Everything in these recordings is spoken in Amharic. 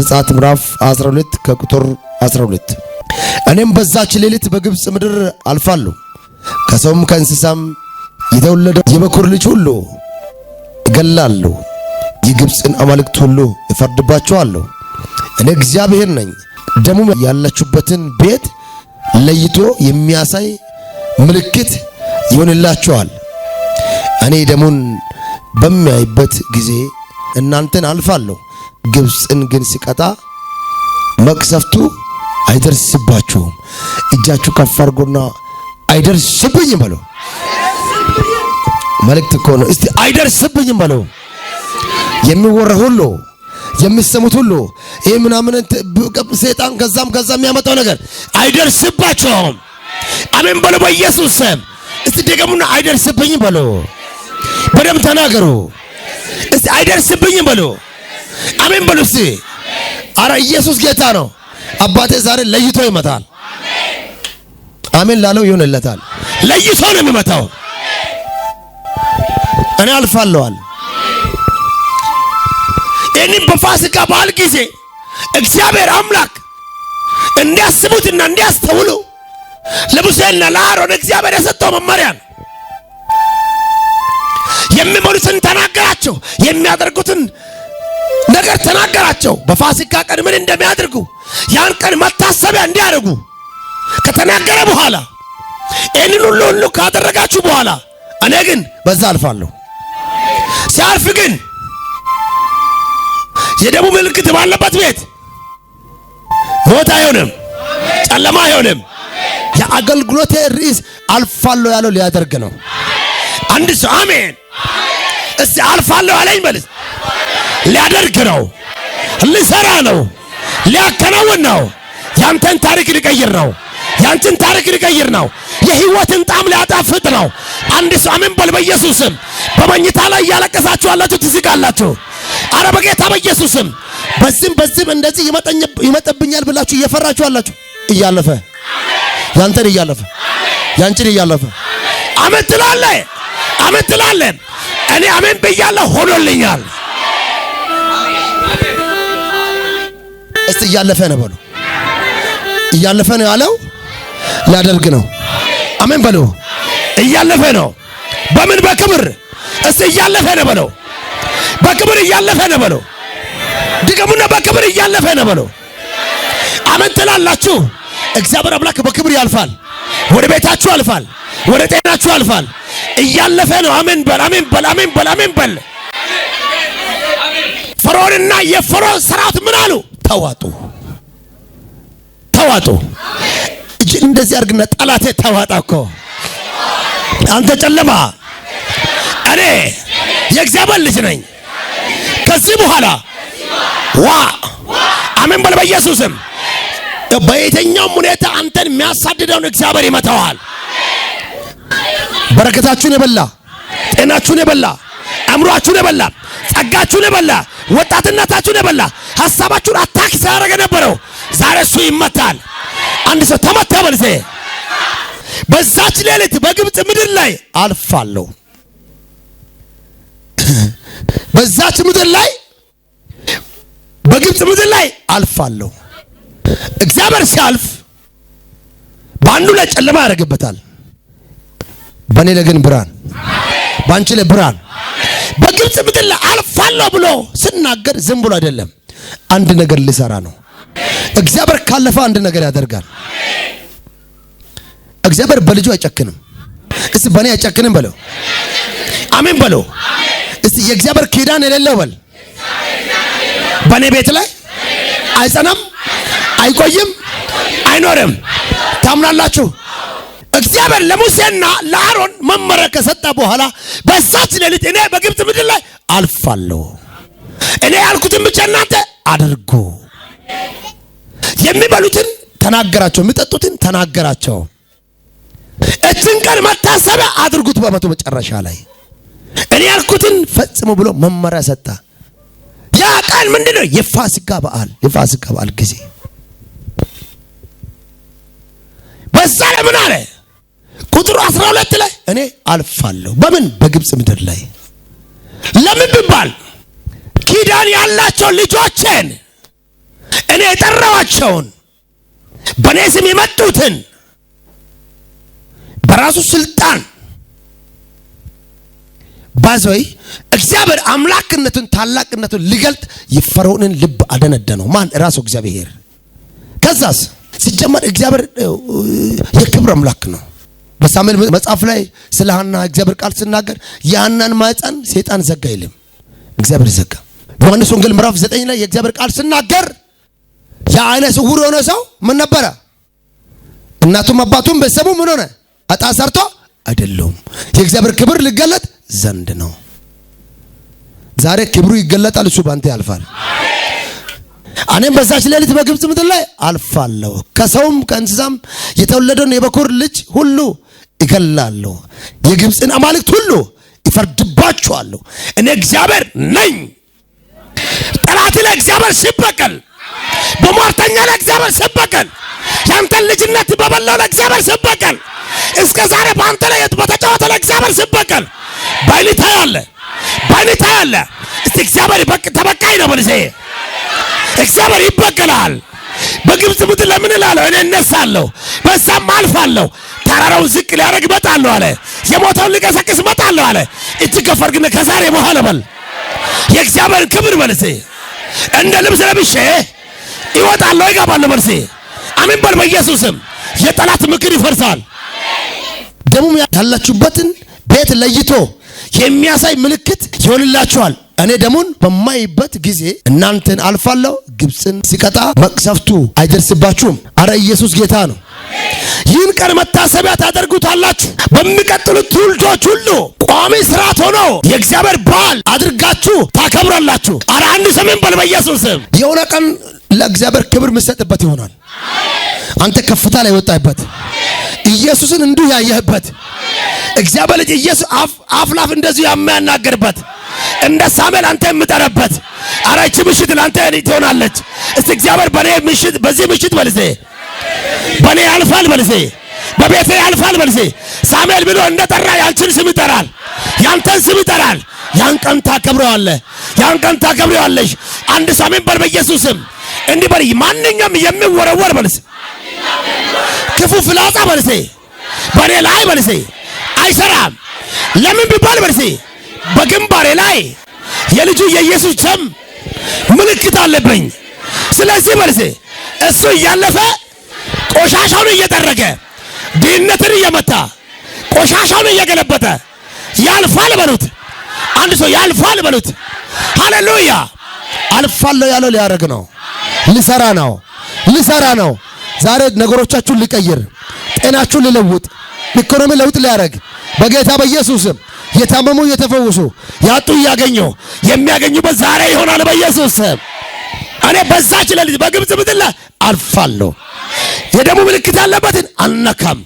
ዘጸአት ምዕራፍ 12 ከቁጥር 12 እኔም በዛች ሌሊት በግብፅ ምድር አልፋለሁ፣ ከሰውም ከእንስሳም የተወለደ የበኩር ልጅ ሁሉ እገላለሁ፣ የግብፅን አማልክት ሁሉ እፈርድባቸዋለሁ። እኔ እግዚአብሔር ነኝ። ደሙ ያላችሁበትን ቤት ለይቶ የሚያሳይ ምልክት ይሆንላችኋል። እኔ ደሙን በሚያይበት ጊዜ እናንተን አልፋለሁ ግብፅን ግን ሲቀጣ መቅሰፍቱ አይደርስባችሁም። እጃችሁ ከፍ አድርጎና አይደርስብኝም በለው። መልእክት እኮ ነው። እስቲ አይደርስብኝም በለው። የሚወራ ሁሉ የሚሰሙት ሁሉ ይህ ምናምን ሴጣን ከዛም ከዛ የሚያመጣው ነገር አይደርስባችሁም። አሜን በሎ በኢየሱስ ስም። እስቲ ደገሙና አይደርስብኝም በሎ። በደም ተናገሩ። እስቲ አይደርስብኝም በሎ አሜን በሉ እስቲ። አረ ኢየሱስ ጌታ ነው። አባቴ ዛሬ ለይቶ ይመታል። አሜን ላለው ይሆንለታል። ለይቶ ነው የሚመታው። እኔ አልፋለዋል። እኔ በፋሲካ በዓል ጊዜ እግዚአብሔር አምላክ እንዲያስቡትና እንዲያስተውሉ ለሙሴና ለአሮን እግዚአብሔር የሰጠው መመሪያ ነው። የሚሞሉትን ተናገራቸው፣ የሚያደርጉትን ነገር ተናገራቸው። በፋሲካ ቀን ምን እንደሚያደርጉ ያን ቀን መታሰቢያ እንዲያደርጉ ከተናገረ በኋላ ይህንን ሁሉ ሁሉ ካደረጋችሁ በኋላ እኔ ግን በዛ አልፋለሁ። ሲያልፍ ግን የደሙ ምልክት ባለበት ቤት ሞት አይሆንም፣ ጨለማ አይሆንም። የአገልግሎቴ ርዕስ አልፋለሁ ያለው ሊያደርግ ነው። አንድ ሰው አሜን። እስቲ አልፋለሁ አለኝ በልስ ሊያደርግ ነው፣ ሊሰራ ነው፣ ሊያከናውን ነው። ያንተን ታሪክ ሊቀይር ነው። ያንቺን ታሪክ ሊቀይር ነው። የህይወትን ጣም ሊያጣፍጥ ነው። አንድ ሰው አሜን በል። በኢየሱስም በመኝታ ላይ እያለቀሳችሁ አላችሁ፣ ትዝጋላችሁ። አረ በጌታ በኢየሱስም በዚህም በዚህም እንደዚህ ይመጠብኛል ብላችሁ እየፈራችሁ አላችሁ። እያለፈ ያንተን እያለፈ ያንቺን እያለፈ አሜን ትላለህ። አሜን ትላለህ። እኔ አሜን ብያለሁ፣ ሆኖልኛል። እስቲ እያለፈ ነው በሉ። እያለፈ ነው ያለው ሊያደርግ ነው። አሜን በሉ። እያለፈ ነው በምን በክብር እስቲ እያለፈ ነው በለው? በክብር እያለፈ ነው በለው? ድገሙና በክብር እያለፈ ነው በለው? አሜን ትላላችሁ። እግዚአብሔር አምላክ በክብር ያልፋል። ወደ ቤታችሁ ያልፋል። ወደ ጤናችሁ ያልፋል። እያለፈ ነው። አሜን በል። አሜን በል። አሜን በል። አሜን በል። ፈርዖንና የፈርዖን ሰራዊት ምን አሉ? ተዋጡ፣ ተዋጡ። እጅ እንደዚህ አድርግና ጠላቴ ተዋጣ እኮ አንተ ጨለማ፣ እኔ የእግዚአብሔር ልጅ ነኝ። ከዚህ በኋላ ዋ አሜን በል በኢየሱስም። በየትኛውም ሁኔታ አንተን የሚያሳድደውን እግዚአብሔር ይመታዋል። በረከታችሁን የበላ ጤናችሁን የበላ አእምሯችሁን የበላ ጸጋችሁን የበላ ወጣትነታችሁን የበላ ሀሳባችሁን አታክ ሲያደረገ ነበረው። ዛሬ እሱ ይመታል። አንድ ሰው ተመታ በል። በዛች ሌሊት በግብፅ ምድር ላይ አልፋለሁ። በዛች ምድር ላይ በግብፅ ምድር ላይ አልፋለሁ። እግዚአብሔር ሲያልፍ በአንዱ ላይ ጨለማ ያደርግበታል። በእኔ ላይ ግን ብርሃን፣ በአንቺ ላይ ብርሃን በግብፅ ምድር ላይ አልፋለሁ ብሎ ስናገር ዝም ብሎ አይደለም፣ አንድ ነገር ሊሰራ ነው። እግዚአብሔር ካለፈ አንድ ነገር ያደርጋል። እግዚአብሔር በልጁ አይጨክንም። እስ በእኔ አይጨክንም በለው፣ አሜን በለው። እስ የእግዚአብሔር ኪዳን የሌለው በል፣ በእኔ ቤት ላይ አይጸናም፣ አይቆይም፣ አይኖርም። ታምናላችሁ? እግዚአብሔር ለሙሴና ለአሮን መመሪያ ከሰጠ በኋላ በዛች ሌሊት እኔ በግብፅ ምድር ላይ አልፋለሁ፣ እኔ ያልኩትን ብቻ እናንተ አድርጉ። የሚበሉትን ተናገራቸው፣ የሚጠጡትን ተናገራቸው። እችን ቀን መታሰቢያ አድርጉት በመቶ መጨረሻ ላይ እኔ ያልኩትን ፈጽሙ ብሎ መመሪያ ሰጠ። ያ ቀን ምንድን ነው? የፋሲካ በዓል የፋሲካ በዓል ጊዜ በዛ ለምን አለ እኔ አልፋለሁ። በምን በግብፅ ምድር ላይ ለምን ብባል ኪዳን ያላቸው ልጆችን እኔ የጠራዋቸውን በእኔ ስም የመጡትን በራሱ ስልጣን ባዘይ እግዚአብሔር አምላክነቱን ታላቅነቱን ሊገልጥ የፈርዖንን ልብ አደነደነው። ማን ራሱ እግዚአብሔር። ከዛስ ሲጀመር እግዚአብሔር የክብር አምላክ ነው። በሳሙኤል መጽሐፍ ላይ ስለ ሐና እግዚአብሔር ቃል ስናገር የሐናን ማህፀን ሰይጣን ዘጋ ይልም፣ እግዚአብሔር ዘጋ። ዮሐንስ ወንጌል ምዕራፍ ዘጠኝ ላይ የእግዚአብሔር ቃል ስናገር የዓይነ ስውር የሆነ ሰው ምን ነበረ? እናቱም አባቱም ቤተሰቡ ምን ሆነ? አጣ ሰርቶ አይደለም። የእግዚአብሔር ክብር ሊገለጥ ዘንድ ነው። ዛሬ ክብሩ ይገለጣል። እሱ ባንተ ያልፋል። እኔም በዛች ሌሊት በግብፅ ምድር ላይ አልፋለሁ። ከሰውም ከእንስሳም የተወለደውን የበኩር ልጅ ሁሉ እገላለሁ፣ የግብፅን አማልክት ሁሉ ይፈርድባችኋለሁ። እኔ እግዚአብሔር ነኝ። ጠላት ለእግዚአብሔር ሲበቀል፣ በሟርተኛ ለእግዚአብሔር ሲበቀል፣ ያንተን ልጅነት በበላው ለእግዚአብሔር ሲበቀል፣ እስከ ዛሬ በአንተ ላይ በተጫወተ ለእግዚአብሔር ሲበቀል፣ በዓይንህ ታያለህ፣ በዓይንህ ታያለህ። እስቲ እግዚአብሔር ተበቃኝ ነው በልዜ እግዚአብሔር ይበቀላል። በግብፅ ምድር ለምን እላለሁ? እኔ እነሳለሁ፣ በዛም አልፋለሁ። ተራራውን ዝቅ ሊያደርግ እመጣለሁ አለ። የሞተውን ሊቀሰቅስ እመጣለሁ አለ። እጅግ ግን ከዛሬ በኋላ በል የእግዚአብሔር ክብር መልሴ እንደ ልብስ ለብሼ ይወጣለሁ፣ ይገባለሁ። መልሴ አሜን በል በኢየሱስም። የጠላት ምክር ይፈርሳል። ደሙም ያላችሁበትን ቤት ለይቶ የሚያሳይ ምልክት ይሆንላችኋል። እኔ ደሙን በማይበት ጊዜ እናንተን አልፋለሁ፣ ግብፅን ሲቀጣ መቅሰፍቱ አይደርስባችሁም። አረ ኢየሱስ ጌታ ነው። ይህን ቀን መታሰቢያ ታደርጉታላችሁ። በሚቀጥሉት ትውልዶች ሁሉ ቋሚ ስርዓት ሆኖ የእግዚአብሔር በዓል አድርጋችሁ ታከብራላችሁ። አረ አንድ ሰሜን በል በኢየሱስ ስም የሆነ ቀን ለእግዚአብሔር ክብር ምሰጥበት ይሆናል። አንተ ከፍታ ላይ ወጣህበት፣ ኢየሱስን እንዲሁ ያየህበት፣ እግዚአብሔር ልጅ ኢየሱስ አፍላፍ ላፍ እንደዚሁ የሚያናገርበት እንደ ሳሙኤል አንተ የምጠረበት። ኧረ ይህች ምሽት ለአንተ ትሆናለች። እስቲ እግዚአብሔር በኔ ምሽት በዚህ ምሽት በልሴ በኔ ያልፋል በልሴ በቤቴ ያልፋል በልሴ ሳሙኤል ብሎ እንደጠራ ያንቺን ስም ይጠራል፣ ያንተን ስም ይጠራል። ያን ቀን ታከብረዋለህ፣ ያን ቀን ታከብረዋለሽ። አንድ ሳሜን በል በኢየሱስ እንዲህ በል። ማንኛውም የሚወረወር በልስ ክፉ ፍላጻ በርሴ በእኔ ላይ በርሴ አይሰራም። ለምን ቢባል በርሴ በግንባሬ ላይ የልጁ የኢየሱስ ደም ምልክት አለብኝ። ስለዚህ በርሴ እሱ እያለፈ ቆሻሻውን እየጠረገ ድህነትን እየመታ ቆሻሻውን እየገለበጠ ያልፋል በሉት። አንድ ሰው ያልፋል በሉት። ሃሌሉያ! አልፋለሁ ያለው ሊያደርግ ነው። ልሰራ ነው። ልሰራ ነው። ዛሬ ነገሮቻችሁን ሊቀይር ጤናችሁን ሊለውጥ ኢኮኖሚ ለውጥ ሊያደርግ በጌታ በኢየሱስም የታመሙ እየተፈወሱ ያጡ እያገኙ የሚያገኙበት ዛሬ ይሆናል በኢየሱስ ስም። እኔ በዛች ሌሊት በግብፅ ምድር ላይ አልፋለሁ። የደሙ ምልክት ያለበትን አልነካም።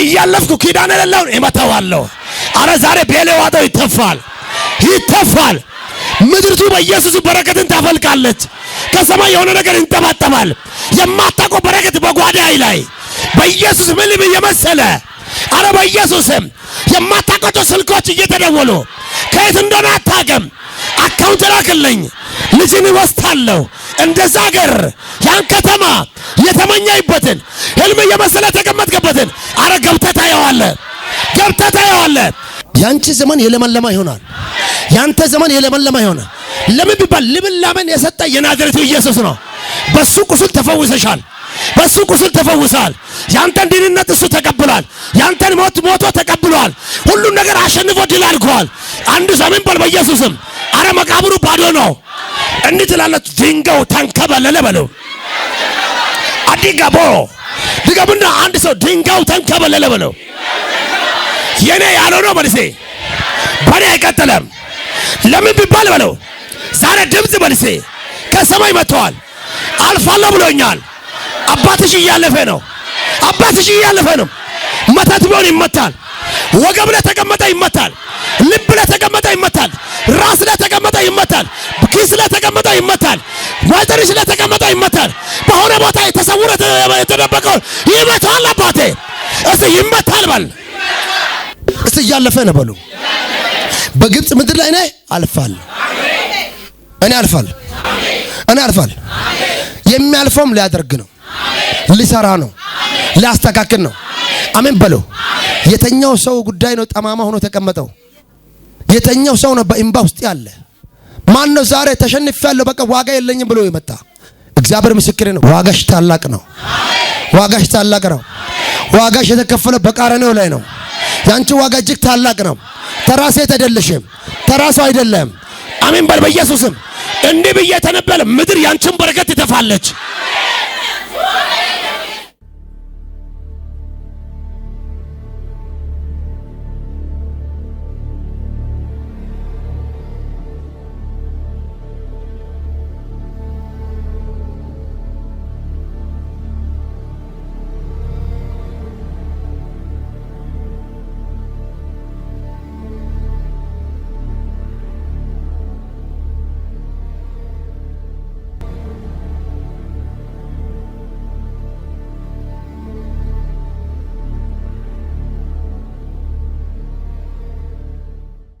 እያለፍኩ ኪዳን የሌለውን እመታዋለሁ። አረ ዛሬ ቤሌ ዋጠው ይተፋል፣ ይተፋል። ምድርቱ በኢየሱስ በረከትን ታፈልቃለች። ከሰማይ የሆነ ነገር ይንጠባጠባል። የማታውቀው በረከት በጓዳይ ላይ በኢየሱስ ምልም እየመሰለ አረ በኢየሱስም የማታውቃቸው ስልኮች እየተደወሉ ከየት እንደሆነ አታውቅም። አካውንት ላክልኝ ልጅን ወስታለሁ። እንደዛ ሀገር ያን ከተማ የተመኛይበትን ህልም እየመሰለ የተቀመጥክበትን አረ ገብተህ ታየዋለህ፣ ገብተህ ታየዋለህ። ያንቺ ዘመን የለመለማ ይሆናል። ያንተ ዘመን የለመለማ ይሆናል። ለምን ቢባል ልምላሜን የሰጠ የናዝሬቱ ኢየሱስ ነው። በሱ ቁስል ተፈውሰሻል። በሱ ቁስል ተፈውሰሃል። ያንተን ድህንነት እሱ ተቀብሏል። ያንተን ሞት ሞቶ ተቀብሏል። ሁሉን ነገር አሸንፎ ድል አድርጓል። አንዱ ሰምን በል በኢየሱስም። አረ መቃብሩ ባዶ ነው። እንዲህ ትላለች ድንጋዩ ተንከባለለ በለው አዲጋቦ ድገምና፣ አንድ ሰው ድንጋው ተንከባለለ በለው። የኔ ያልሆነው መልሴ በኔ አይቀጥለም። ለምን ቢባል በለው ዛሬ ድምፅ መልሴ ከሰማይ መጥተዋል። አልፋለሁ ብሎኛል። አባትሽ እያለፈ ነው። አባትሽ እያለፈ ነው። መተት ቢሆን ይመታል። ወገብ ላይ ተቀመጠ ይመታል። ልብ ላይ ተቀመጠ ይመታል። ራስ ላይ ተቀመጠ ይመታል። ኪስ ላይ ተቀመጠ ይመታል። ወጥርሽ ላይ ተቀመጠ ይመታል። በሆነ ቦታ የተሰውረ የተደበቀው ይመታል። አባቴ እስ ይመታል። በል እስ እያለፈ ነው በሉ። በግብፅ ምድር ላይ ነህ፣ አልፋለሁ እኔ አልፋል እኔ አልፋል። የሚያልፈውም ሊያደርግ ነው፣ ሊሰራ ነው፣ ሊያስተካክል ነው። አሜን በለው። የተኛው ሰው ጉዳይ ነው ጠማማ ሆኖ ተቀመጠው። የተኛው ሰው ነው በኢምባ ውስጥ ያለ። ማን ነው ዛሬ ያለው በቃ ዋጋ የለኝም ብሎ የመጣ? እግዚአብሔር ምስክር ነው። ዋጋሽ ታላቅ ነው። ዋጋሽ ታላቅ ነው። ዋጋሽ የተከፈለ በቃራንዮ ላይ ነው። ያንቺ ዋጋ እጅግ ታላቅ ነው። ተራሴ ሴት አይደለሽም። አይደለም። አሜን በል በኢየሱስም። እንዲህ ብዬ ተነበለ ምድር ያንቺን በረከት ትተፋለች።